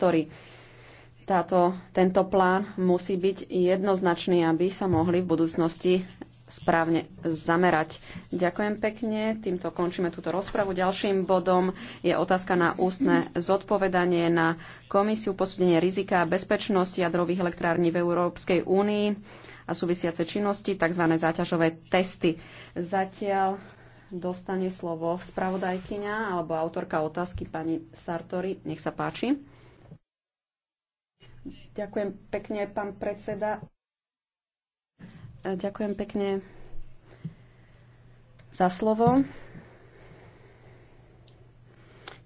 priestory. Táto, tento plán musí byť jednoznačný, aby sa mohli v budúcnosti správne zamerať. Ďakujem pekne. Týmto končíme túto rozpravu. Ďalším bodom je otázka na ústne zodpovedanie na Komisiu posúdenie rizika a bezpečnosti jadrových elektrární v Európskej únii a súvisiace činnosti, tzv. záťažové testy. Zatiaľ dostane slovo spravodajkyňa alebo autorka otázky pani Sartori. Nech sa páči. Ďakujem pekne, pán predseda. E, ďakujem pekne za slovo.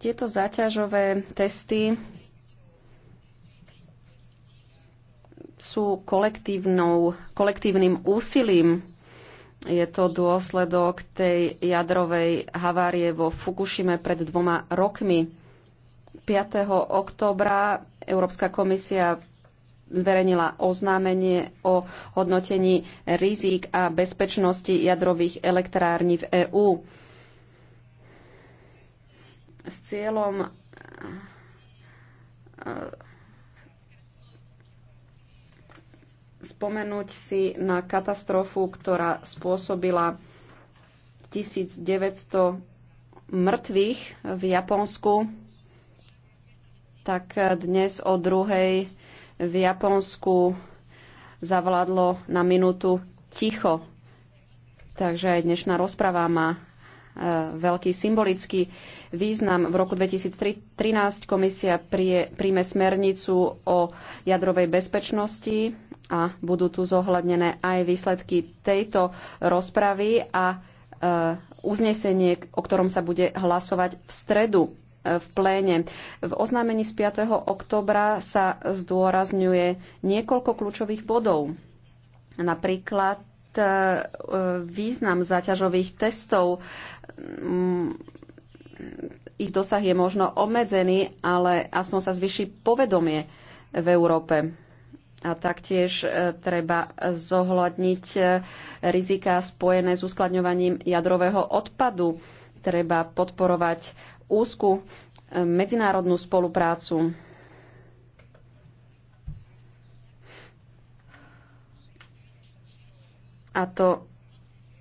Tieto záťažové testy sú kolektívnym úsilím. Je to dôsledok tej jadrovej havárie vo Fukushime pred dvoma rokmi. 5. oktobra Európska komisia zverejnila oznámenie o hodnotení rizík a bezpečnosti jadrových elektrární v EÚ. S cieľom eh, spomenúť si na katastrofu, ktorá spôsobila 1900 mŕtvych v Japonsku tak dnes o druhej v Japonsku zavládlo na minútu ticho. Takže aj dnešná rozprava má e, veľký symbolický význam. V roku 2013 komisia príjme smernicu o jadrovej bezpečnosti a budú tu zohľadnené aj výsledky tejto rozpravy a e, uznesenie, o ktorom sa bude hlasovať v stredu v pléne. V oznámení z 5. oktobra sa zdôrazňuje niekoľko kľúčových bodov. Napríklad e, význam zaťažových testov. Mm, ich dosah je možno obmedzený, ale aspoň sa zvyší povedomie v Európe. A taktiež e, treba zohľadniť e, rizika spojené s uskladňovaním jadrového odpadu. Treba podporovať úzku e, medzinárodnú spoluprácu. A to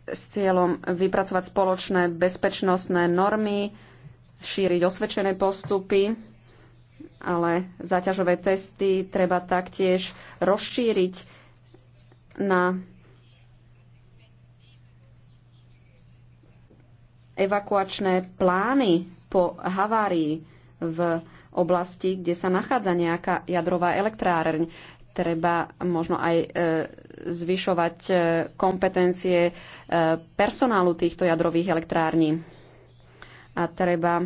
s cieľom vypracovať spoločné bezpečnostné normy, šíriť osvedčené postupy, ale záťažové testy treba taktiež rozšíriť na evakuačné plány po havárii v oblasti, kde sa nachádza nejaká jadrová elektrárň, Treba možno aj e, zvyšovať e, kompetencie e, personálu týchto jadrových elektrární. A treba e,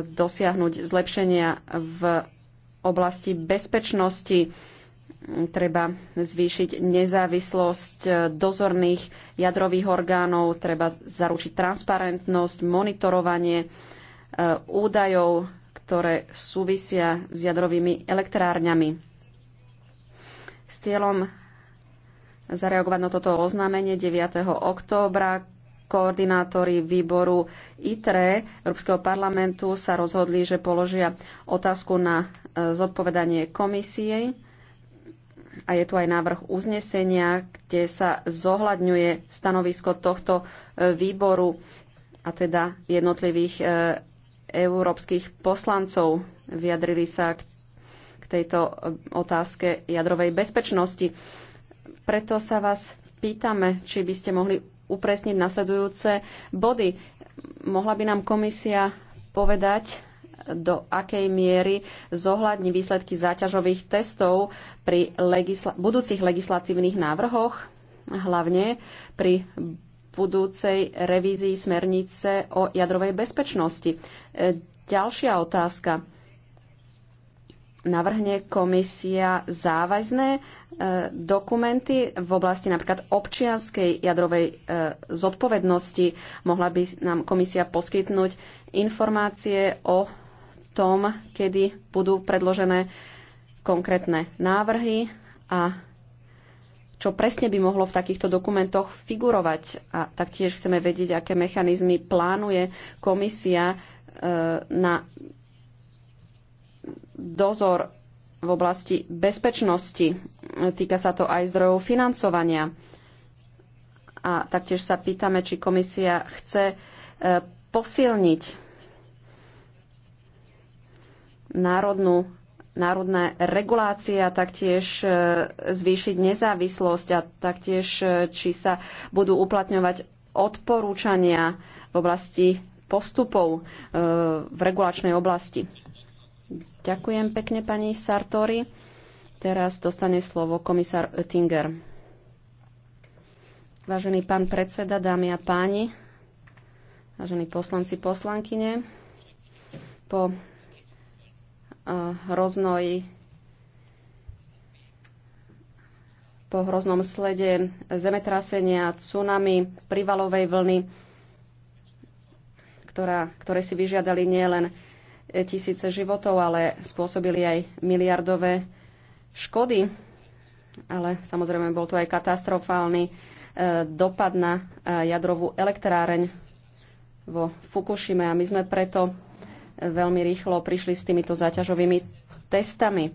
dosiahnuť zlepšenia v oblasti bezpečnosti treba zvýšiť nezávislosť eh, dozorných jadrových orgánov, treba zaručiť transparentnosť, monitorovanie eh, údajov, ktoré súvisia s jadrovými elektrárňami. S cieľom zareagovať na toto oznámenie 9. októbra koordinátori výboru ITRE Európskeho parlamentu sa rozhodli, že položia otázku na eh, zodpovedanie komisie a je tu aj návrh uznesenia, kde sa zohľadňuje stanovisko tohto e, výboru a teda jednotlivých e, európskych poslancov. Vyjadrili sa k tejto e, otázke jadrovej bezpečnosti. Preto sa vás pýtame, či by ste mohli upresniť nasledujúce body. Mohla by nám komisia povedať, do akej miery zohľadní výsledky záťažových testov pri legisla- budúcich legislatívnych návrhoch, hlavne pri budúcej revízii smernice o jadrovej bezpečnosti. E, ďalšia otázka. Navrhne komisia záväzné e, dokumenty v oblasti napríklad občianskej jadrovej e, zodpovednosti. Mohla by nám komisia poskytnúť informácie o tom, kedy budú predložené konkrétne návrhy a čo presne by mohlo v takýchto dokumentoch figurovať. A taktiež chceme vedieť, aké mechanizmy plánuje komisia e, na dozor v oblasti bezpečnosti. Týka sa to aj zdrojov financovania. A taktiež sa pýtame, či komisia chce e, posilniť národnú, národné regulácie a taktiež e, zvýšiť nezávislosť a taktiež, e, či sa budú uplatňovať odporúčania v oblasti postupov e, v regulačnej oblasti. Ďakujem pekne pani Sartori. Teraz dostane slovo komisár Oettinger. Vážený pán predseda, dámy a páni, vážení poslanci, poslankyne, po Eh, hroznoj po hroznom slede zemetrasenia, tsunami, privalovej vlny, ktorá, ktoré si vyžiadali nielen tisíce životov, ale spôsobili aj miliardové škody. Ale samozrejme bol to aj katastrofálny eh, dopad na eh, jadrovú elektráreň vo Fukushime a my sme preto veľmi rýchlo prišli s týmito záťažovými testami.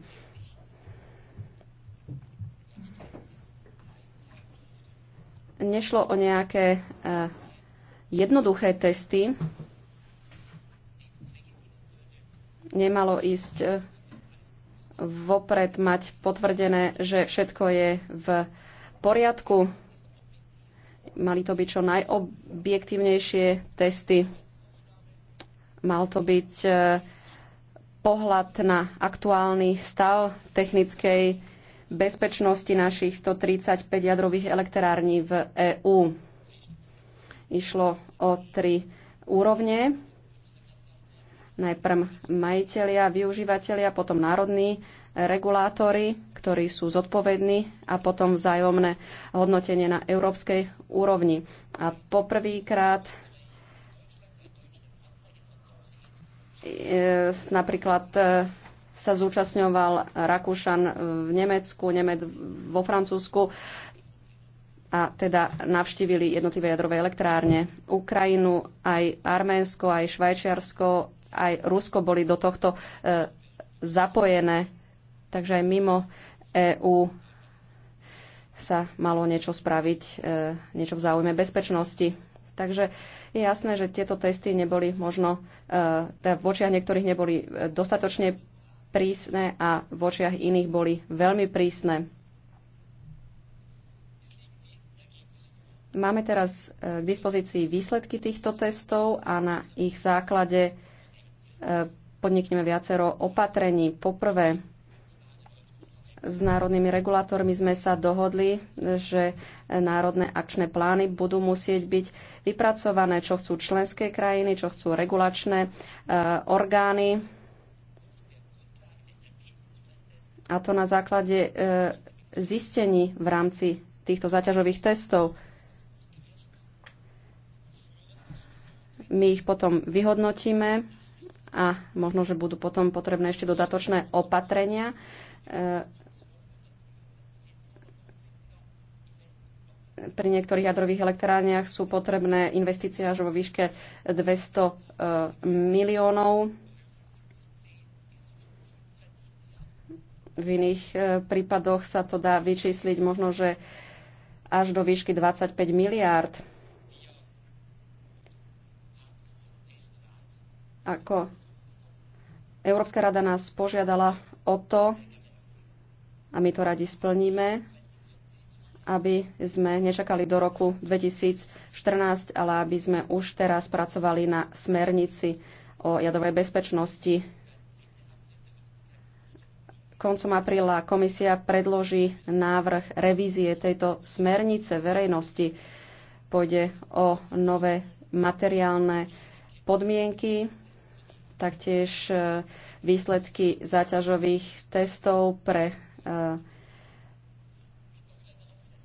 Nešlo o nejaké e, jednoduché testy. Nemalo ísť e, vopred mať potvrdené, že všetko je v poriadku. Mali to byť čo najobjektívnejšie testy. Mal to byť e, pohľad na aktuálny stav technickej bezpečnosti našich 135 jadrových elektrární v EÚ. Išlo o tri úrovne. Najprv majiteľia, využívateľia, potom národní regulátory, ktorí sú zodpovední a potom vzájomné hodnotenie na európskej úrovni. A poprvýkrát E, napríklad e, sa zúčastňoval Rakúšan v Nemecku, Nemec vo Francúzsku a teda navštívili jednotlivé jadrové elektrárne. Ukrajinu, aj Arménsko, aj Švajčiarsko, aj Rusko boli do tohto e, zapojené, takže aj mimo EÚ sa malo niečo spraviť, niečo v záujme bezpečnosti. Takže je jasné, že tieto testy neboli možno, e, teda v očiach niektorých neboli e, dostatočne prísne a v očiach iných boli veľmi prísne. Máme teraz e, k dispozícii výsledky týchto testov a na ich základe podnikneme viacero opatrení. Poprvé, s národnými regulátormi sme sa dohodli, že národné akčné plány budú musieť byť vypracované, čo chcú členské krajiny, čo chcú regulačné e, orgány. A to na základe e, zistení v rámci týchto zaťažových testov. My ich potom vyhodnotíme a možno, že budú potom potrebné ešte dodatočné opatrenia e, pri niektorých jadrových elektrárniach sú potrebné investície až vo výške 200 eh, miliónov. V iných eh, prípadoch sa to dá vyčísliť možno, že až do výšky 25 miliárd. Ako Európska rada nás požiadala o to, a my to radi splníme, aby sme nečakali do roku 2014, ale aby sme už teraz pracovali na smernici o jadovej bezpečnosti. Koncom apríla komisia predloží návrh revízie tejto smernice verejnosti. Pôjde o nové materiálne podmienky, taktiež e, výsledky záťažových testov pre e,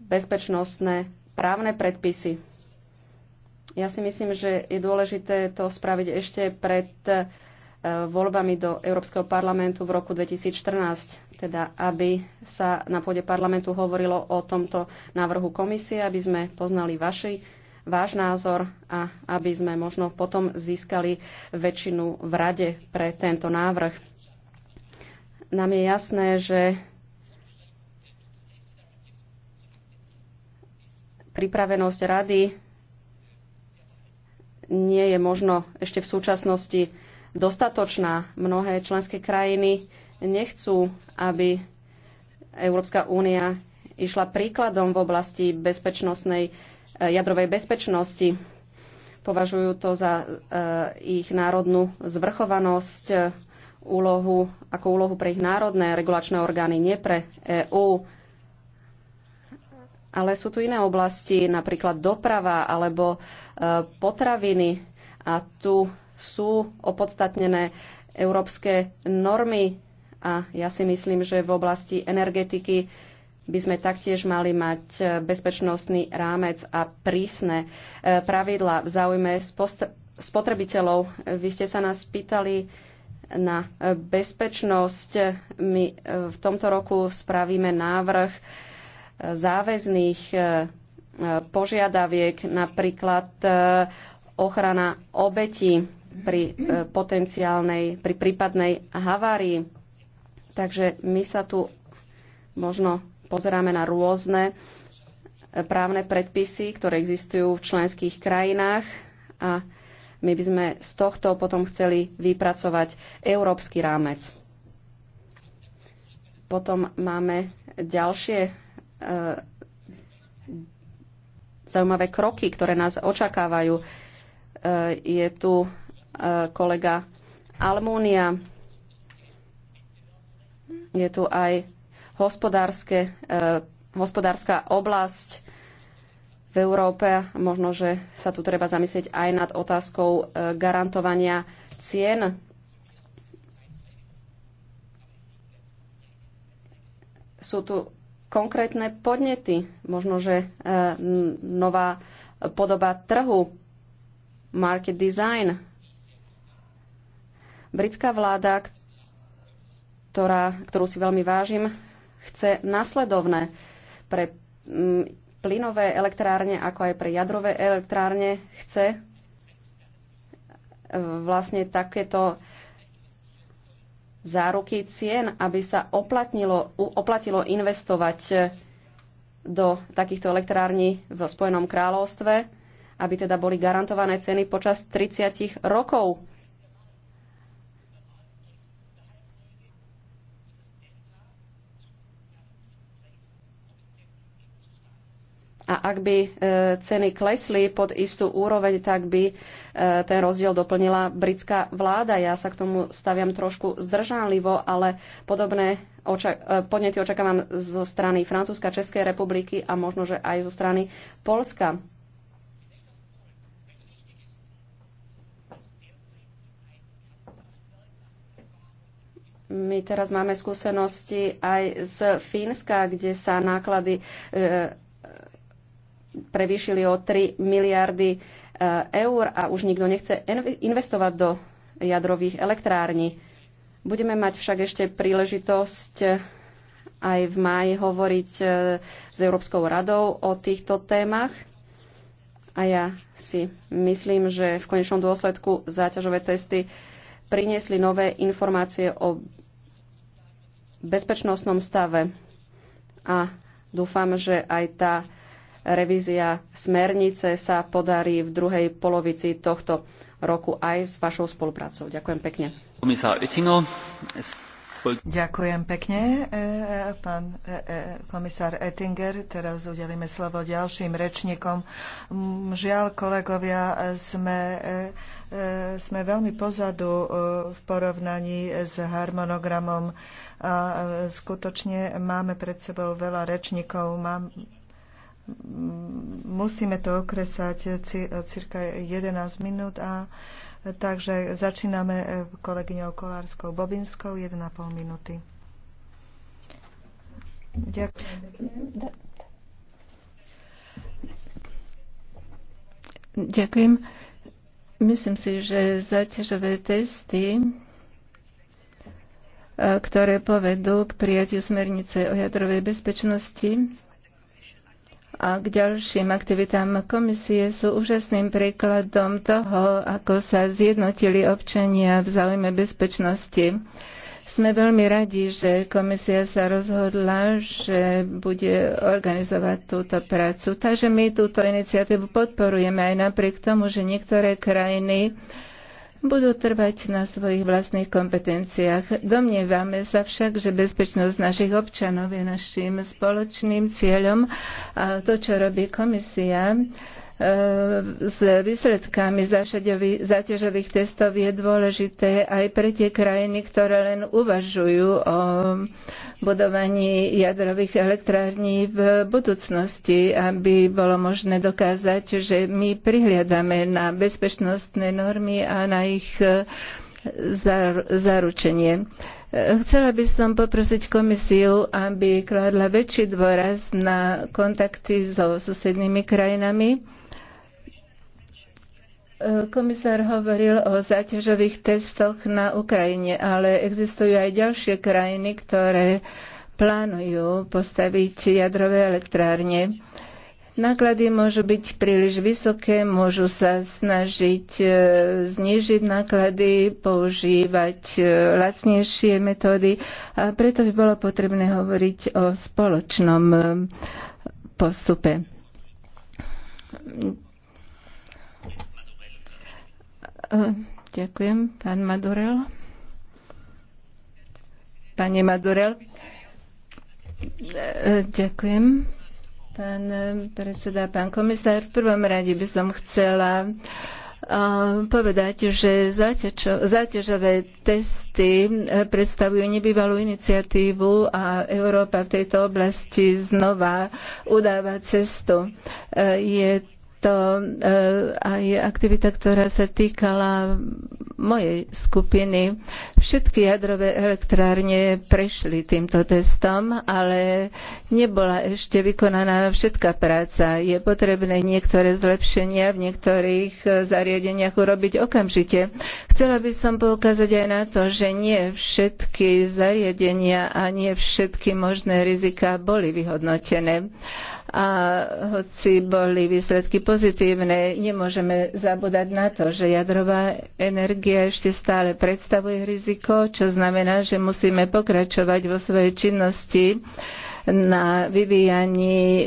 bezpečnostné právne predpisy. Ja si myslím, že je dôležité to spraviť ešte pred e, voľbami do Európskeho parlamentu v roku 2014, teda aby sa na pôde parlamentu hovorilo o tomto návrhu komisie, aby sme poznali vaši, váš názor a aby sme možno potom získali väčšinu v rade pre tento návrh. Nám je jasné, že pripravenosť rady nie je možno ešte v súčasnosti dostatočná. Mnohé členské krajiny nechcú, aby Európska únia išla príkladom v oblasti bezpečnostnej, e, jadrovej bezpečnosti. Považujú to za e, ich národnú zvrchovanosť, e, úlohu, ako úlohu pre ich národné regulačné orgány, nie pre EÚ. Ale sú tu iné oblasti, napríklad doprava alebo e, potraviny. A tu sú opodstatnené európske normy. A ja si myslím, že v oblasti energetiky by sme taktiež mali mať e, bezpečnostný rámec a prísne e, pravidla v záujme spotrebiteľov. Vy ste sa nás pýtali na bezpečnosť. My v tomto roku spravíme návrh záväzných e, e, požiadaviek, napríklad e, ochrana obeti pri potenciálnej, pri prípadnej havárii. Takže my sa tu možno pozeráme na rôzne právne predpisy, ktoré existujú v členských krajinách a my by sme z tohto potom chceli vypracovať európsky rámec. Potom máme ďalšie E, zaujímavé kroky, ktoré nás očakávajú. E, je tu e, kolega Almúnia, je tu aj hospodárske, hospodárska oblasť v Európe. Možno, že sa tu treba zamyslieť aj nad otázkou garantovania cien sú tu konkrétne podnety. Možno, že e, nová podoba trhu, market design. Britská vláda, ktorá, ktorú si veľmi vážim, chce nasledovné pre plynové elektrárne, ako aj pre jadrové elektrárne, chce e, vlastne takéto záruky cien, aby sa oplatnilo, oplatilo investovať e, do takýchto elektrární v Spojenom kráľovstve, aby teda boli garantované ceny počas 30 rokov ak by e, ceny klesli pod istú úroveň, tak by e, ten rozdiel doplnila britská vláda. Ja sa k tomu staviam trošku zdržanlivo, ale podobné e, podnety očakávam zo strany Francúzska, Českej republiky a možno, že aj zo strany Polska. My teraz máme skúsenosti aj z Fínska, kde sa náklady prevýšili o 3 miliardy e, eur a už nikto nechce investovať do jadrových elektrární. Budeme mať však ešte príležitosť aj v máji hovoriť e, s Európskou radou o týchto témach. A ja si myslím, že v konečnom dôsledku záťažové testy priniesli nové informácie o bezpečnostnom stave. A dúfam, že aj tá Revízia smernice sa podarí v druhej polovici tohto roku aj s vašou spoluprácou. Ďakujem pekne. Ďakujem pekne, e, e, pán e, komisár Ettinger. Teraz udelíme slovo ďalším rečníkom. Mm, žiaľ, kolegovia, sme, sme veľmi pozadu v porovnaní s harmonogramom a skutočne máme pred sebou veľa rečníkov. Mám, musíme to okresať cirka 11 minút a takže začíname e, kolegyňou Kolárskou Bobinskou 1,5 minúty. Ďakujem. Ďakujem. Myslím si, že záťažové testy e, ktoré povedú k prijatiu smernice o jadrovej bezpečnosti a k ďalším aktivitám komisie sú úžasným príkladom toho, ako sa zjednotili občania v záujme bezpečnosti. Sme veľmi radi, že komisia sa rozhodla, že bude organizovať túto prácu. Takže my túto iniciatívu podporujeme aj napriek tomu, že niektoré krajiny budú trvať na svojich vlastných kompetenciách. Domnievame sa však, že bezpečnosť našich občanov je našim spoločným cieľom a to, čo robí komisia, E, s výsledkami záťažových testov je dôležité aj pre tie krajiny, ktoré len uvažujú o budovaní jadrových elektrární v budúcnosti, aby bolo možné dokázať, že my prihliadame na bezpečnostné normy a na ich e, zaručenie. E, chcela by som poprosiť komisiu, aby kladla väčší dôraz na kontakty so susednými krajinami Komisár hovoril o záťažových testoch na Ukrajine, ale existujú aj ďalšie krajiny, ktoré plánujú postaviť jadrové elektrárne. Náklady môžu byť príliš vysoké, môžu sa snažiť e, znížiť náklady, používať e, lacnejšie metódy a preto by bolo potrebné hovoriť o spoločnom e, postupe. E, ďakujem, pán Madurel. Pane Madurel. E, ďakujem. Pán predseda, pán komisár, v prvom rade by som chcela e, povedať, že záťažové testy predstavujú nebývalú iniciatívu a Európa v tejto oblasti znova udáva cestu. Je to e, aj aktivita, ktorá sa týkala mojej skupiny. Všetky jadrové elektrárne prešli týmto testom, ale nebola ešte vykonaná všetká práca. Je potrebné niektoré zlepšenia v niektorých e, zariadeniach urobiť okamžite. Chcela by som poukázať aj na to, že nie všetky zariadenia a nie všetky možné rizika boli vyhodnotené a hoci boli výsledky pozitívne, nemôžeme zabúdať na to, že jadrová energia ešte stále predstavuje riziko, čo znamená, že musíme pokračovať vo svojej činnosti na vyvíjaní e,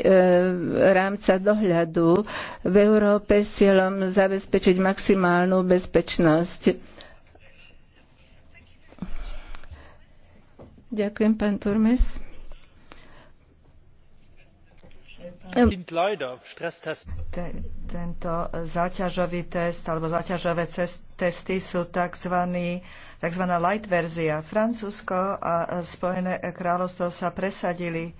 rámca dohľadu v Európe s cieľom zabezpečiť maximálnu bezpečnosť. Ďakujem, pán Turmes. tento záťažový test alebo záťažové testy sú tzv. tzv. light verzia. Francúzsko a Spojené kráľovstvo sa presadili e,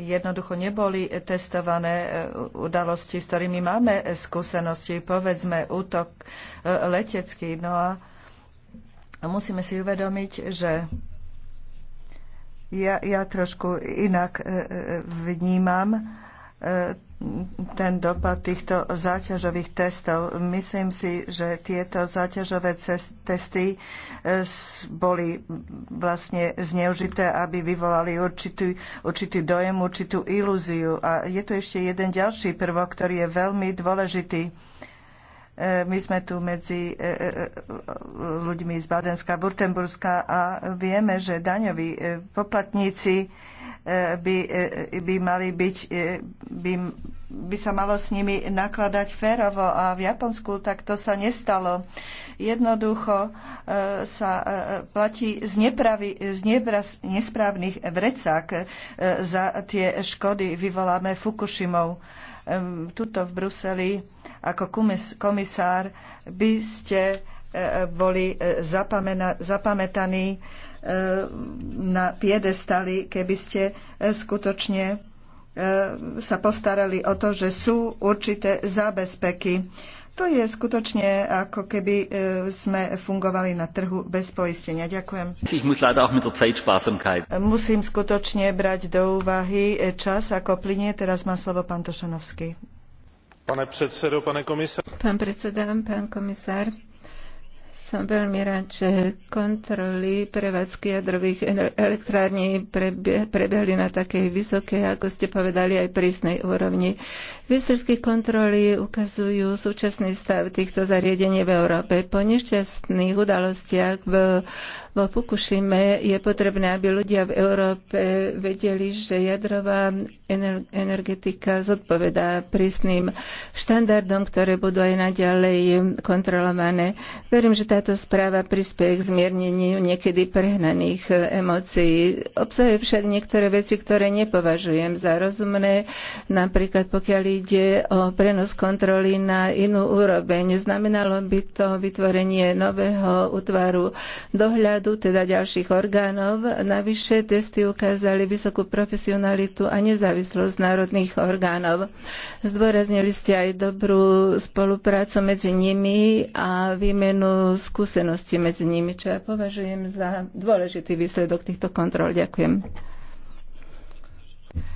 jednoducho neboli testované e, udalosti, s ktorými máme skúsenosti, povedzme útok e, letecký. No a musíme si uvedomiť, že ja, ja trošku inak e, e, vnímam e, ten dopad týchto záťažových testov. Myslím si, že tieto záťažové testy boli vlastne zneužité, aby vyvolali určitý, určitý dojem, určitú ilúziu. A je tu ešte jeden ďalší prvok, ktorý je veľmi dôležitý E, my sme tu medzi e, e, ľuďmi z Badenska, Burtenburska a vieme, že daňoví poplatníci by, by mali byť, by, by sa malo s nimi nakladať férovo a v Japonsku tak to sa nestalo. Jednoducho sa platí z, nepravy, z nebraz, nesprávnych vrecák za tie škody vyvoláme Fukushimou tuto v Bruseli ako komisár by ste e, e, boli e, zapamätaní na piedestali, keby ste skutočne sa postarali o to, že sú určité zábezpeky to je skutočne ako keby e, sme fungovali na trhu bez poistenia. Ďakujem. Musím skutočne brať do úvahy e, čas, ako plinie. Teraz má slovo pán Tošanovský. Pane predsedo, pane komisár. Pán predseda, pán komisár. Som veľmi rád, že kontroly prevádzky jadrových elektrární prebehli na takej vysokej, ako ste povedali, aj prísnej úrovni. Výsledky kontroly ukazujú súčasný stav týchto zariadení v Európe. Po nešťastných udalostiach v, vo Fukushime je potrebné, aby ľudia v Európe vedeli, že jadrová energetika zodpovedá prísnym štandardom, ktoré budú aj naďalej kontrolované. Verím, že tá. Táto správa prispieje k zmierneniu niekedy prehnaných eh, emócií. Obsahuje však niektoré veci, ktoré nepovažujem za rozumné, napríklad pokiaľ ide o prenos kontroly na inú úroveň. Znamenalo by to vytvorenie nového útvaru dohľadu, teda ďalších orgánov. Navyše testy ukázali vysokú profesionalitu a nezávislosť národných orgánov. Zdôraznili ste aj dobrú spoluprácu medzi nimi a výmenu skúsenosti medzi nimi, čo ja považujem za dôležitý výsledok týchto kontrol. Ďakujem.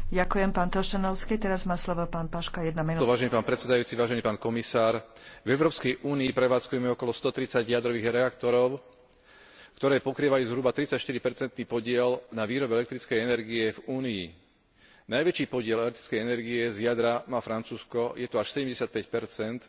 Ďakujem, pán Tošenovský. Teraz má slovo pán Paška, jedna minúta. Vážený pán predsedajúci, vážený pán komisár, v Európskej únii prevádzkujeme okolo 130 jadrových reaktorov, ktoré pokrývajú zhruba 34-percentný podiel na výrobe elektrickej energie v únii. Najväčší podiel elektrickej energie z jadra má Francúzsko, je to až 75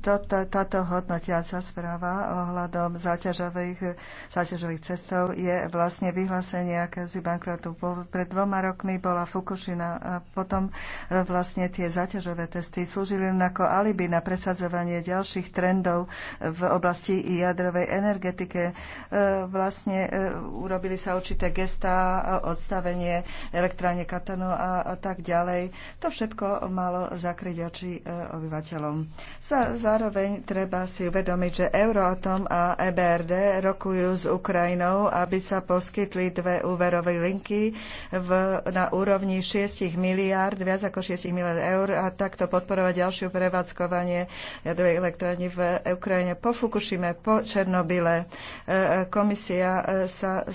toto, táto hodnotiaca správa ohľadom záťažových, záťažových cestov je vlastne vyhlásenie akési bankrotu. Pred dvoma rokmi bola Fukushima a potom e, vlastne tie záťažové testy slúžili len ako alibi na presadzovanie ďalších trendov v oblasti jadrovej energetike. Vlastne e, urobili sa určité gestá, e, odstavenie elektráne Katanu a, a tak ďalej. To všetko malo zakryť oči obyvateľom. Sa, zároveň treba si uvedomiť, že Euroatom a EBRD rokujú s Ukrajinou, aby sa poskytli dve úverové linky v, na úrovni 6 miliard, viac ako 6 miliard eur a takto podporovať ďalšiu prevádzkovanie jadrovej elektrárne v Ukrajine po Fukushime, po Černobyle. E, komisia e, sa e,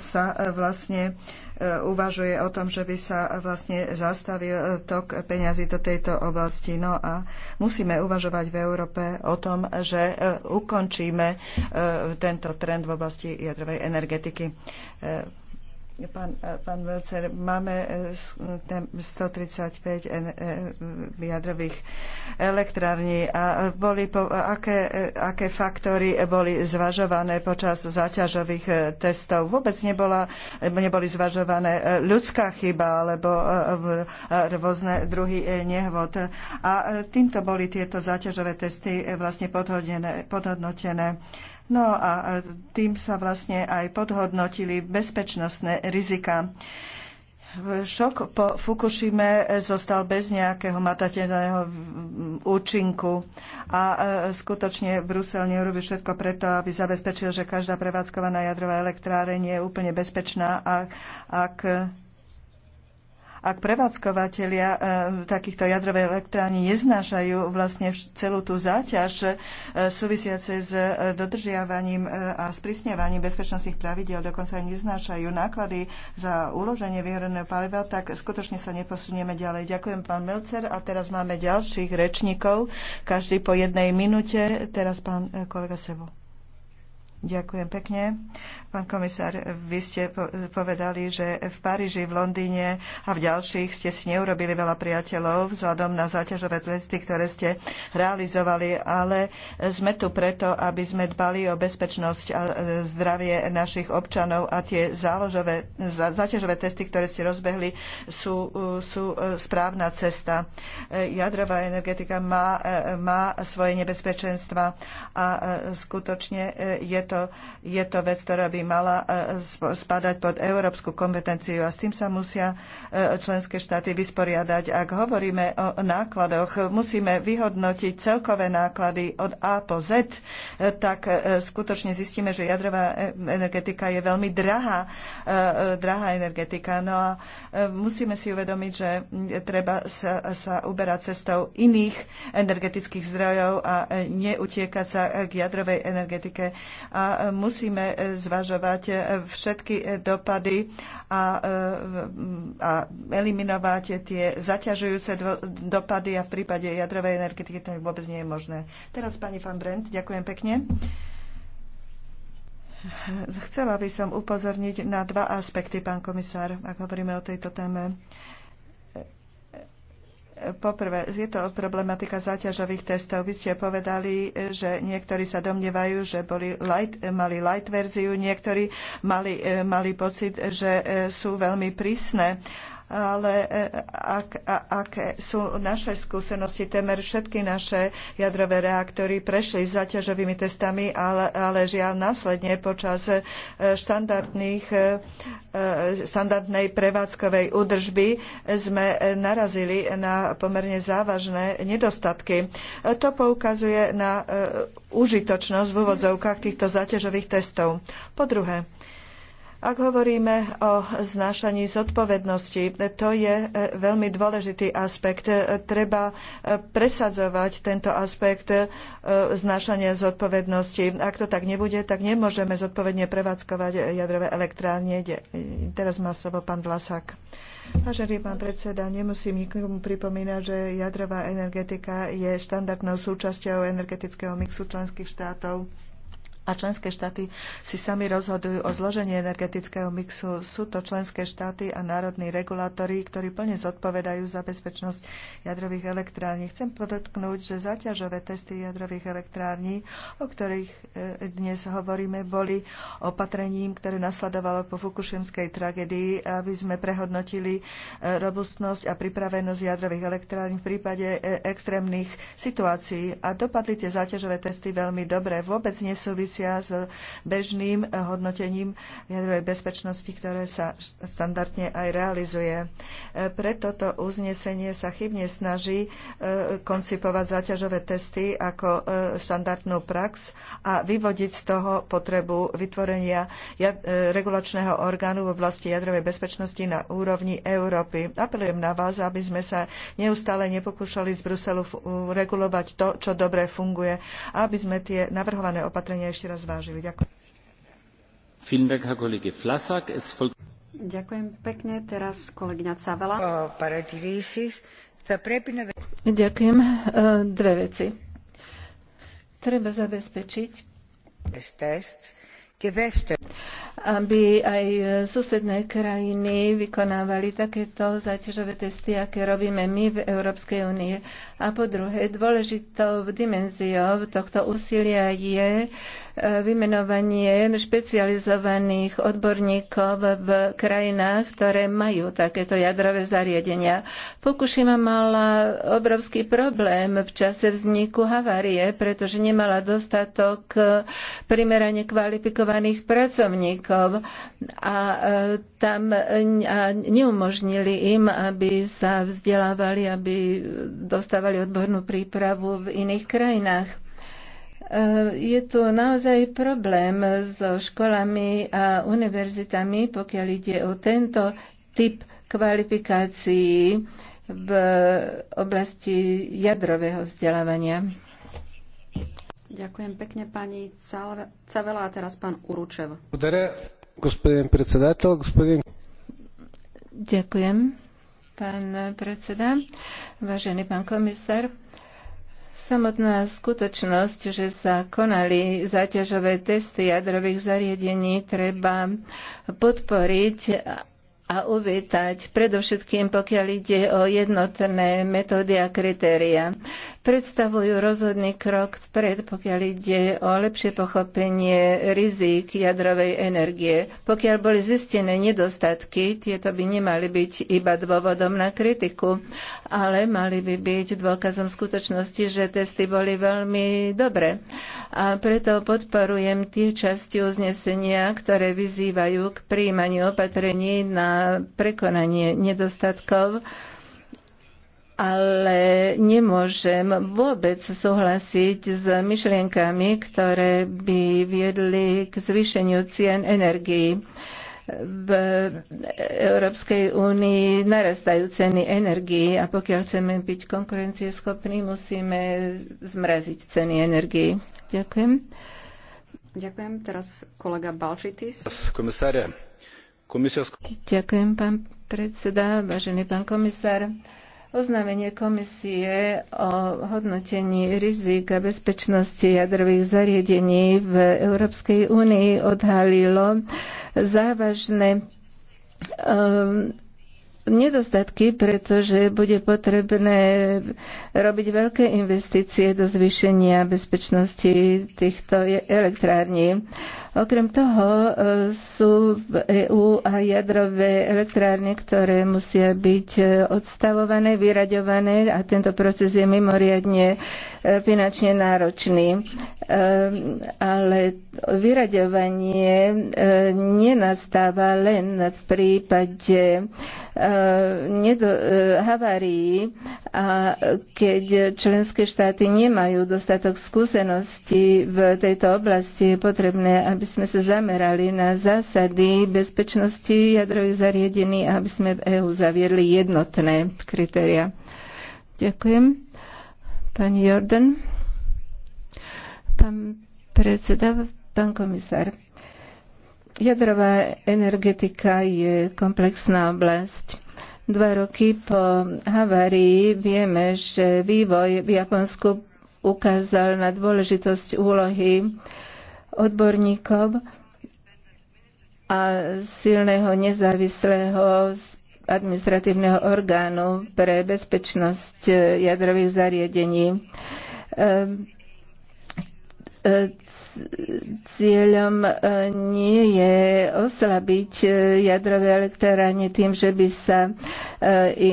sa vlastne uvažuje o tom, že by sa vlastne zastavil tok peňazí do tejto oblasti. No a musíme uvažovať v Európe o tom, že e, ukončíme e, tento trend v oblasti jadrovej energetiky. E, Pán, e, pán Velcer, máme 135 e, e, jadrových elektrární a boli po, aké, aké faktory boli zvažované počas záťažových testov? Vôbec nebola, neboli zvažované ľudská chyba alebo rôzne druhy nehvod. A týmto boli tieto záťažové testy vlastne podhodnotené. No a tým sa vlastne aj podhodnotili bezpečnostné rizika. Šok po Fukushime zostal bez nejakého matateľného účinku a e, skutočne Brusel neurobi všetko preto, aby zabezpečil, že každá prevádzkovaná jadrová elektráreň je úplne bezpečná a ak ak prevádzkovateľia e, takýchto jadrovej elektrární neznášajú vlastne celú tú záťaž e, súvisiace s e, dodržiavaním a sprísňovaním bezpečnostných pravidel, dokonca aj neznášajú náklady za uloženie vyhoreného paliva, tak skutočne sa neposunieme ďalej. Ďakujem, pán Melcer. A teraz máme ďalších rečníkov, každý po jednej minúte. Teraz pán kolega Sevo. Ďakujem pekne. Pán komisár, vy ste povedali, že v Paríži, v Londýne a v ďalších ste si neurobili veľa priateľov vzhľadom na záťažové testy, ktoré ste realizovali, ale sme tu preto, aby sme dbali o bezpečnosť a e, zdravie našich občanov a tie záložové, záťažové testy, ktoré ste rozbehli, sú, e, sú e, správna cesta. Jadrová energetika má, má svoje nebezpečenstva a skutočne je to, je to vec, ktorá by mala e, spadať pod európsku kompetenciu a s tým sa musia e, členské štáty vysporiadať. Ak hovoríme o nákladoch, musíme vyhodnotiť celkové náklady od A po Z, e, tak skutočne zistíme, že jadrová energetika je veľmi drahá, drahá energetika. No a musíme si uvedomiť, že treba sa, sa uberať cestou iných energetických zdrojov a neutiekať sa k jadrovej energetike. A musíme zvažovať zvažovať e, všetky e, dopady a, e, a eliminovať tie zaťažujúce dopady a v prípade jadrovej energetiky to vôbec nie je možné. Teraz pani Van Brent, ďakujem pekne. Chcela by som upozorniť na dva aspekty, pán komisár, ak hovoríme o tejto téme. Poprvé, je to problematika záťažových testov. Vy ste povedali, že niektorí sa domnievajú, že boli light, mali light verziu, niektorí mali, mali pocit, že e, sú veľmi prísne ale e, ak, ak sú naše skúsenosti, temer všetky naše jadrové reaktory prešli s zaťažovými testami, ale, ale žiaľ následne počas e, štandardných, e, štandardnej prevádzkovej údržby sme narazili na pomerne závažné nedostatky. To poukazuje na užitočnosť v úvodzovkách týchto záťažových testov. Po druhé, ak hovoríme o znášaní zodpovednosti, to je e, veľmi dôležitý aspekt. E, treba e, presadzovať tento aspekt znášania zodpovednosti. Ak to tak nebude, tak nemôžeme zodpovedne prevádzkovať jadrové elektrárne. Teraz má slovo pán Vlasák. Vážený pán predseda, nemusím nikomu pripomínať, že jadrová energetika je štandardnou súčasťou energetického mixu členských štátov a členské štáty si sami rozhodujú o zložení energetického mixu. Sú to členské štáty a národní regulátori, ktorí plne zodpovedajú za bezpečnosť jadrových elektrární. Chcem podotknúť, že záťažové testy jadrových elektrární, o ktorých e, dnes hovoríme, boli opatrením, ktoré nasledovalo po Fukušenskej tragédii, aby sme prehodnotili e, robustnosť a pripravenosť jadrových elektrární v prípade e, extrémnych situácií. A dopadli tie záťažové testy veľmi dobre. Vôbec nesúvisí súvisia s bežným hodnotením jadrovej bezpečnosti, ktoré sa standardne aj realizuje. Preto to uznesenie sa chybne snaží e, koncipovať záťažové testy ako štandardnú e, prax a vyvodiť z toho potrebu vytvorenia e, regulačného orgánu v oblasti jadrovej bezpečnosti na úrovni Európy. Apelujem na vás, aby sme sa neustále nepokúšali z Bruselu regulovať to, čo dobre funguje, a aby sme tie navrhované opatrenia ešte ešte raz vážili. Ďakujem. Ďakujem pekne. Teraz kolegyňa Cavela. Ďakujem. E, dve veci. Treba zabezpečiť. Test aby aj susedné krajiny vykonávali takéto záťažové testy, aké robíme my v Európskej únie. A po druhé, dôležitou dimenziou tohto úsilia je e, vymenovanie špecializovaných odborníkov v krajinách, ktoré majú takéto jadrové zariadenia. Fukushima mala obrovský problém v čase vzniku havárie, pretože nemala dostatok primerane kvalifikovaných pracovníkov podnikov a e, tam e, neumožnili im, aby sa vzdelávali, aby dostávali odbornú prípravu v iných krajinách. E, je tu naozaj problém so školami a univerzitami, pokiaľ ide o tento typ kvalifikácií v oblasti jadrového vzdelávania. Ďakujem pekne pani Cavela a teraz pán Uručev. Ďakujem, pán predseda, vážený pán komisár. Samotná skutočnosť, že sa konali záťažové testy jadrových zariadení, treba podporiť a uvítať, predovšetkým pokiaľ ide o jednotné metódy a kritéria predstavujú rozhodný krok vpred, pokiaľ ide o lepšie pochopenie rizík jadrovej energie. Pokiaľ boli zistené nedostatky, tieto by nemali byť iba dôvodom na kritiku, ale mali by byť dôkazom skutočnosti, že testy boli veľmi dobré. A preto podporujem tie časti uznesenia, ktoré vyzývajú k príjmaniu opatrení na prekonanie nedostatkov ale nemôžem vôbec súhlasiť s myšlienkami, ktoré by viedli k zvýšeniu cien energii. V Európskej únii narastajú ceny energii a pokiaľ chceme byť konkurencieschopní, musíme zmraziť ceny energii. Ďakujem. Ďakujem. Teraz kolega Balčitis. Komisária, komisios... Ďakujem, pán predseda, vážený pán komisár. Oznámenie komisie o hodnotení rizik a bezpečnosti jadrových zariadení v Európskej únii odhalilo závažné um, nedostatky, pretože bude potrebné robiť veľké investície do zvýšenia bezpečnosti týchto elektrární. Okrem toho e, sú v EÚ aj jadrové elektrárne, ktoré musia byť e, odstavované, vyraďované a tento proces je mimoriadne e, finančne náročný. Ale vyraďovanie nenastáva len v prípade Eh, eh, havárií a keď členské štáty nemajú dostatok skúseností v tejto oblasti, je potrebné, aby sme sa zamerali na zásady bezpečnosti jadrových zariadení a aby sme v EÚ zaviedli jednotné kritéria. Ďakujem. Pani Jordan. Pán predseda, pán komisár. Jadrová energetika je komplexná oblasť. Dva roky po havárii vieme, že vývoj v Japonsku ukázal na dôležitosť úlohy odborníkov a silného nezávislého administratívneho orgánu pre bezpečnosť jadrových zariadení ehm, ehm, cieľom e, nie je oslabiť e, jadrové elektrárne tým, že by sa e,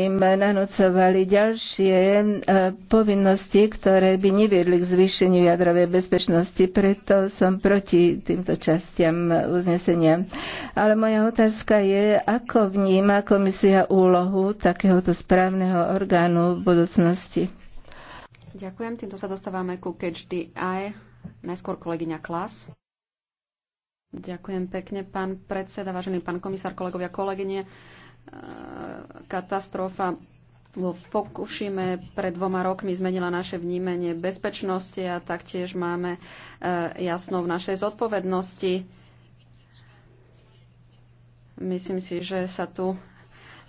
im nanocovali ďalšie povinnosti, ktoré by neviedli k zvýšeniu jadrovej bezpečnosti. Preto som proti týmto častiam uznesenia. Ale moja otázka je, ako vníma komisia úlohu takéhoto správneho orgánu v budúcnosti? Ďakujem, týmto sa dostávame ku Catch the Eye Najskôr kolegyňa Klas. Ďakujem pekne, pán predseda, vážený pán komisár, kolegovia, kolegyne. E, katastrofa vo Fukushime pred dvoma rokmi zmenila naše vnímenie bezpečnosti a taktiež máme e, jasno v našej zodpovednosti. Myslím si, že sa tu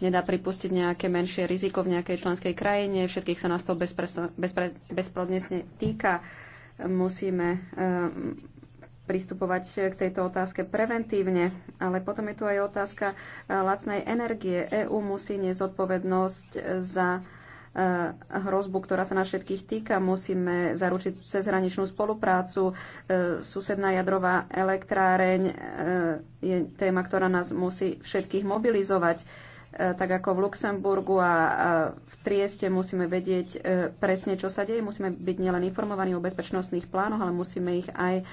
nedá pripustiť nejaké menšie riziko v nejakej členskej krajine. Všetkých sa nás to bezpre, bezpre, bezprodnesne týka musíme eh, pristupovať k tejto otázke preventívne, ale potom je tu aj otázka eh, lacnej energie. EÚ musí nezodpovednosť za eh, hrozbu, ktorá sa na všetkých týka. Musíme zaručiť cezhraničnú spoluprácu. Susedná jadrová elektráreň je téma, ktorá nás musí všetkých mobilizovať E, tak ako v Luxemburgu a v Trieste musíme vedieť e, presne, čo sa deje. Musíme byť nielen informovaní o bezpečnostných plánoch, ale musíme ich aj e,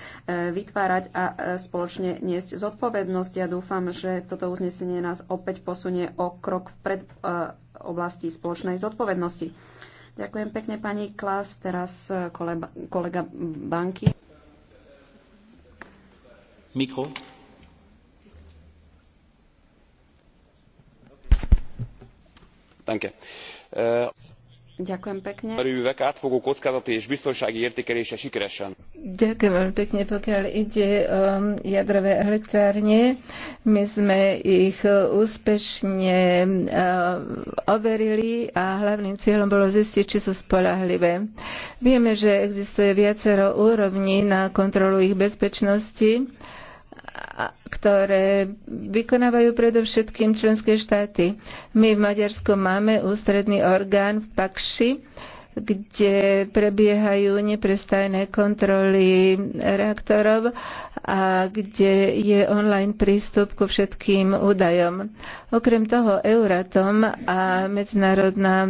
vytvárať a spoločne niesť zodpovednosť. Ja dúfam, že toto uznesenie nás opäť posunie o krok vpred oblasti spoločnej zodpovednosti. Ďakujem pekne pani Klas, teraz kolega, kolega Banky. Mikro. Ďakujem pekne. kockázati és biztonsági értékelése sikeresen. Ďakujem veľmi pekne, pokiaľ ide o jadrové elektrárne. My sme ich úspešne e, overili a hlavným cieľom bolo zistiť, či sú spolahlivé. Vieme, že existuje viacero úrovní na kontrolu ich bezpečnosti ktoré vykonávajú predovšetkým členské štáty. My v Maďarsku máme ústredný orgán v Pakši, kde prebiehajú neprestajné kontroly reaktorov a kde je online prístup ku všetkým údajom. Okrem toho Euratom a Medzinárodná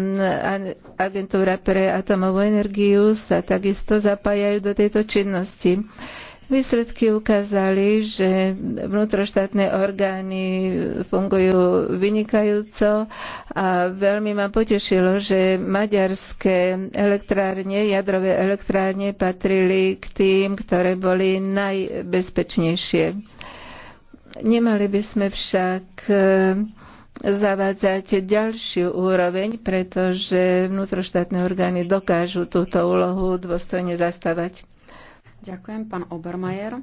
agentúra pre atomovú energiu sa takisto zapájajú do tejto činnosti. Výsledky ukázali, že vnútroštátne orgány fungujú vynikajúco a veľmi ma potešilo, že maďarské elektrárne, jadrové elektrárne patrili k tým, ktoré boli najbezpečnejšie. Nemali by sme však e, zavádzať ďalšiu úroveň, pretože vnútroštátne orgány dokážu túto úlohu dôstojne zastávať. Ďakujem, pán Obermajer.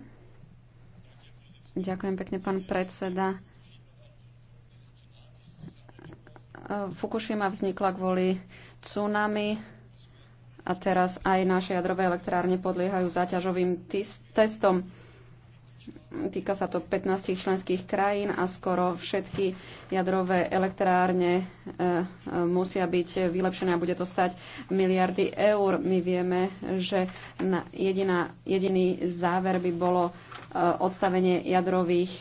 Ďakujem pekne, pán predseda. Fukushima vznikla kvôli tsunami a teraz aj naše jadrové elektrárne podliehajú záťažovým testom. Týka sa to 15 členských krajín a skoro všetky jadrové elektrárne e, e, musia byť vylepšené a bude to stať miliardy eur. My vieme, že jediná, jediný záver by bolo e, odstavenie jadrových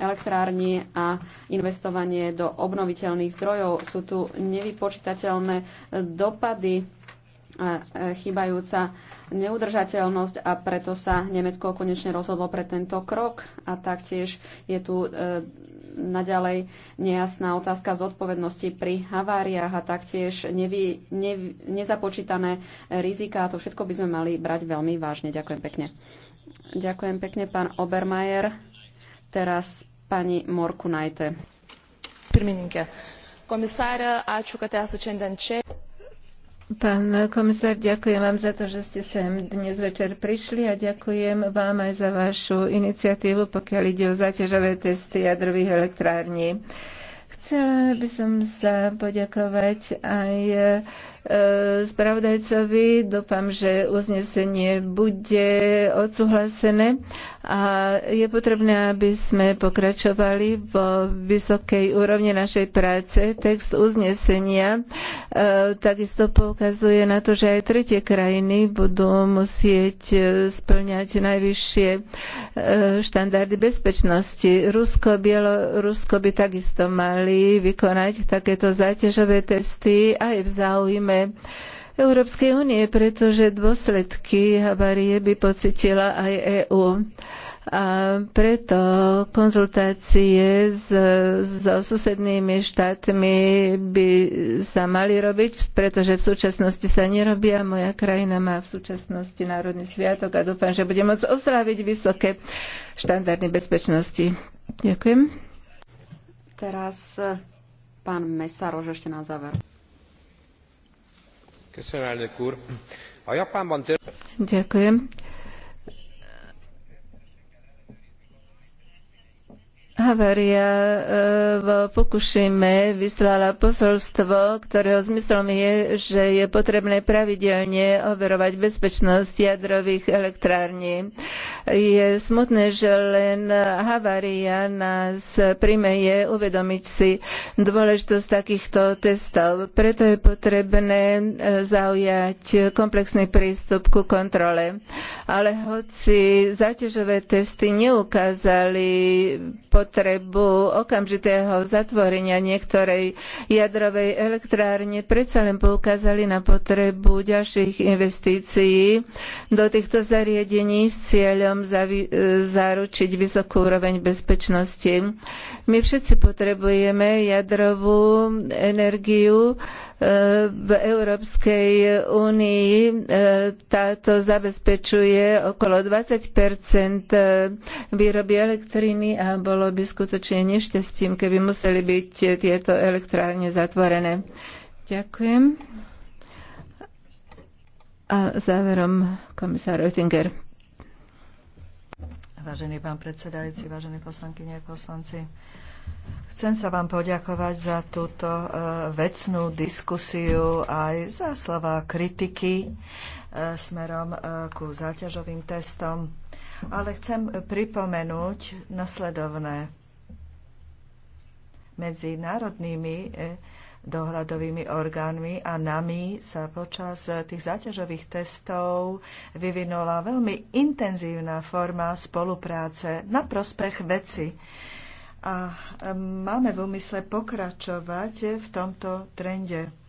elektrárni a investovanie do obnoviteľných zdrojov. Sú tu nevypočítateľné dopady E, chýbajúca neudržateľnosť a preto sa Nemecko konečne rozhodlo pre tento krok a taktiež je tu e, naďalej nejasná otázka zodpovednosti pri haváriách a taktiež nevy, ne, nezapočítané rizika. A to všetko by sme mali brať veľmi vážne. Ďakujem pekne. Ďakujem pekne, pán Obermajer. Teraz pani Morku najte. komisarė, ačiū, kad esate šiandien čia. Pán komisár, ďakujem vám za to, že ste sem dnes večer prišli a ďakujem vám aj za vašu iniciatívu, pokiaľ ide o záťažové testy jadrových elektrární. Chcela by som sa poďakovať aj E, spravodajcovi. Dúfam, že uznesenie bude odsúhlasené a je potrebné, aby sme pokračovali vo vysokej úrovni našej práce. Text uznesenia e, takisto poukazuje na to, že aj tretie krajiny budú musieť e, splňať najvyššie e, štandardy bezpečnosti. Rusko, Bielorusko by takisto mali vykonať takéto záťažové testy aj v záujme záujme Európskej únie, pretože dôsledky havárie by pocitila aj EÚ a preto konzultácie so susednými štátmi by sa mali robiť, pretože v súčasnosti sa nerobia. Moja krajina má v súčasnosti národný sviatok a dúfam, že bude môcť osláviť vysoké štandardy bezpečnosti. Ďakujem. Teraz pán Mesarož ešte na záver. Ďakujem. Havária eh, v Fukushime vyslala posolstvo, ktorého zmyslom je, že je potrebné pravidelne overovať bezpečnosť jadrových elektrární. Je smutné, že len havária nás primeje uvedomiť si dôležitosť takýchto testov. Preto je potrebné eh, zaujať komplexný prístup ku kontrole. Ale hoci záťažové testy neukázali pod potrebu okamžitého zatvorenia niektorej jadrovej elektrárne predsa len poukázali na potrebu ďalších investícií do týchto zariadení s cieľom zaručiť vysokú úroveň bezpečnosti. My všetci potrebujeme jadrovú energiu, e, v Európskej únii e, táto zabezpečuje okolo 20 e, výroby elektriny a bolo bolo by skutočne nešťastím, keby museli byť tieto elektrárne zatvorené. Ďakujem. A záverom komisár Oettinger. Vážený pán predsedajúci, vážené poslankyne a poslanci, Chcem sa vám poďakovať za túto e, vecnú diskusiu aj za slova kritiky e, smerom e, ku záťažovým testom ale chcem pripomenúť nasledovné. Medzi národnými e, dohľadovými orgánmi a nami sa počas e, tých záťažových testov vyvinula veľmi intenzívna forma spolupráce na prospech veci. A e, máme v úmysle pokračovať v tomto trende.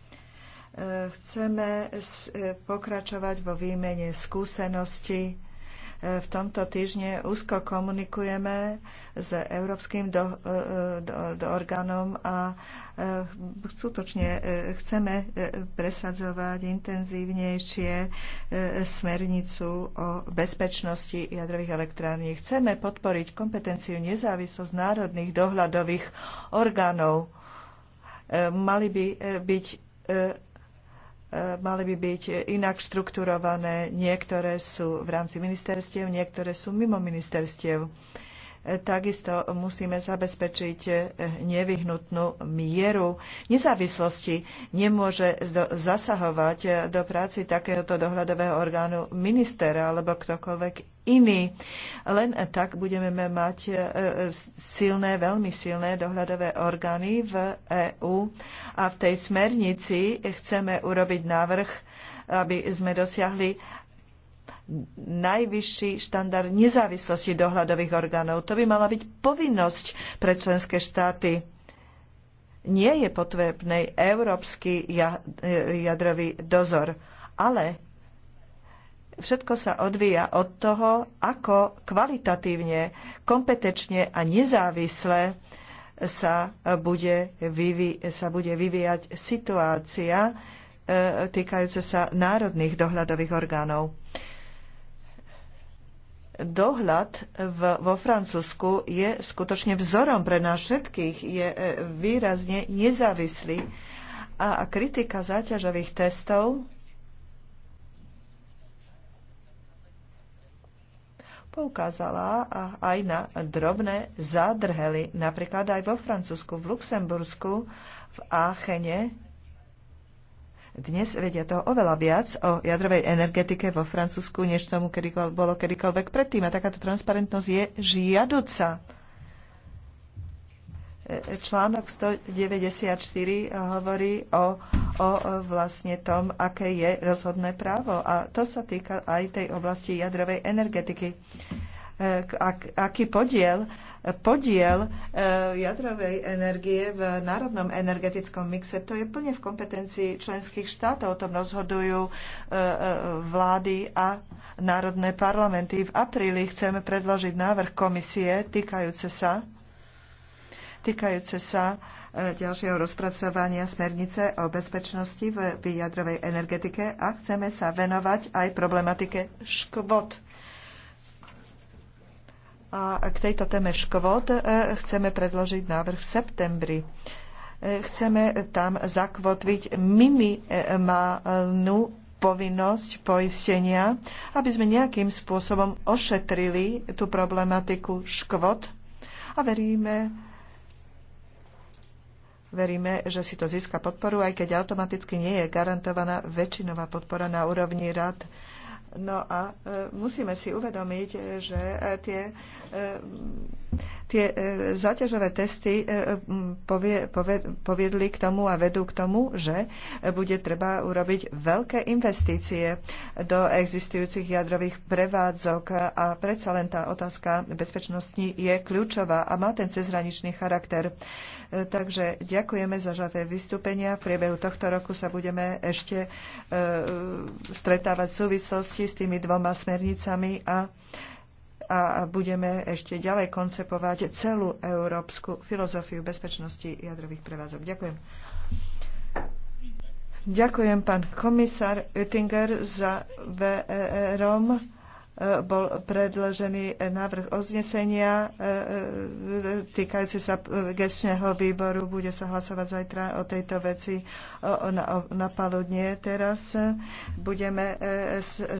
Chceme pokračovať vo výmene skúseností v tomto týždne úzko komunikujeme s Európskym do, do, do orgánom a e, skutočne e, chceme e, presadzovať intenzívnejšie smernicu o bezpečnosti jadrových elektrární. Chceme podporiť kompetenciu nezávislosť národných dohľadových orgánov. Mali by byť mali by byť inak štrukturované. Niektoré sú v rámci ministerstiev, niektoré sú mimo ministerstiev. Takisto musíme zabezpečiť eh, nevyhnutnú mieru nezávislosti. Nemôže zasahovať eh, do práci takéhoto dohľadového orgánu minister alebo ktokoľvek iný. Len tak budeme mať eh, silné, veľmi silné dohľadové orgány v EÚ a v tej smernici chceme urobiť návrh, aby sme dosiahli najvyšší štandard nezávislosti dohľadových orgánov. To by mala byť povinnosť pre členské štáty. Nie je potrebný európsky jadrový dozor, ale všetko sa odvíja od toho, ako kvalitatívne, kompetečne a nezávisle sa bude, vyvi- sa bude vyvíjať situácia e, týkajúce sa národných dohľadových orgánov dohľad v, vo Francúzsku je skutočne vzorom pre nás všetkých, je e, výrazne nezávislý. A, a kritika záťažových testov poukázala aj na drobné zádrhely, napríklad aj vo Francúzsku, v Luxembursku, v Áchene dnes vedia to oveľa viac o jadrovej energetike vo Francúzsku, než tomu kedykoľ, bolo kedykoľvek predtým. A takáto transparentnosť je žiaduca. E, e, článok 194 hovorí o, o e, vlastne tom, aké je rozhodné právo. A to sa týka aj tej oblasti jadrovej energetiky ak, aký podiel podiel e, jadrovej energie v národnom energetickom mixe. To je plne v kompetencii členských štátov. O tom rozhodujú e, e, vlády a národné parlamenty. V apríli chceme predložiť návrh komisie týkajúce sa týkajúce sa ďalšieho rozpracovania smernice o bezpečnosti v jadrovej energetike a chceme sa venovať aj problematike škvot a k tejto téme škvot e, chceme predložiť návrh v septembri e, chceme tam zakvotviť minimálnu povinnosť poistenia, aby sme nejakým spôsobom ošetrili tú problematiku škvot a veríme, veríme, že si to získa podporu, aj keď automaticky nie je garantovaná väčšinová podpora na úrovni rad. No a e, musíme si uvedomiť, že e, tie e, Tie e, záťažové testy e, povie, povie, poviedli k tomu a vedú k tomu, že e, bude treba urobiť veľké investície do existujúcich jadrových prevádzok a predsa len tá otázka bezpečnosti je kľúčová a má ten cezhraničný charakter. Takže ďakujeme za žiadne vystúpenia. V priebehu tohto roku sa budeme ešte stretávať v súvislosti s tými dvoma smernicami a a budeme ešte ďalej koncepovať celú európsku filozofiu bezpečnosti jadrových prevádzok. Ďakujem. Ďakujem pán komisár Oettinger za VROM e e, bol predložený návrh oznesenia e, týkajúci sa gestného výboru. Bude sa hlasovať zajtra o tejto veci na, na paludnie. Teraz budeme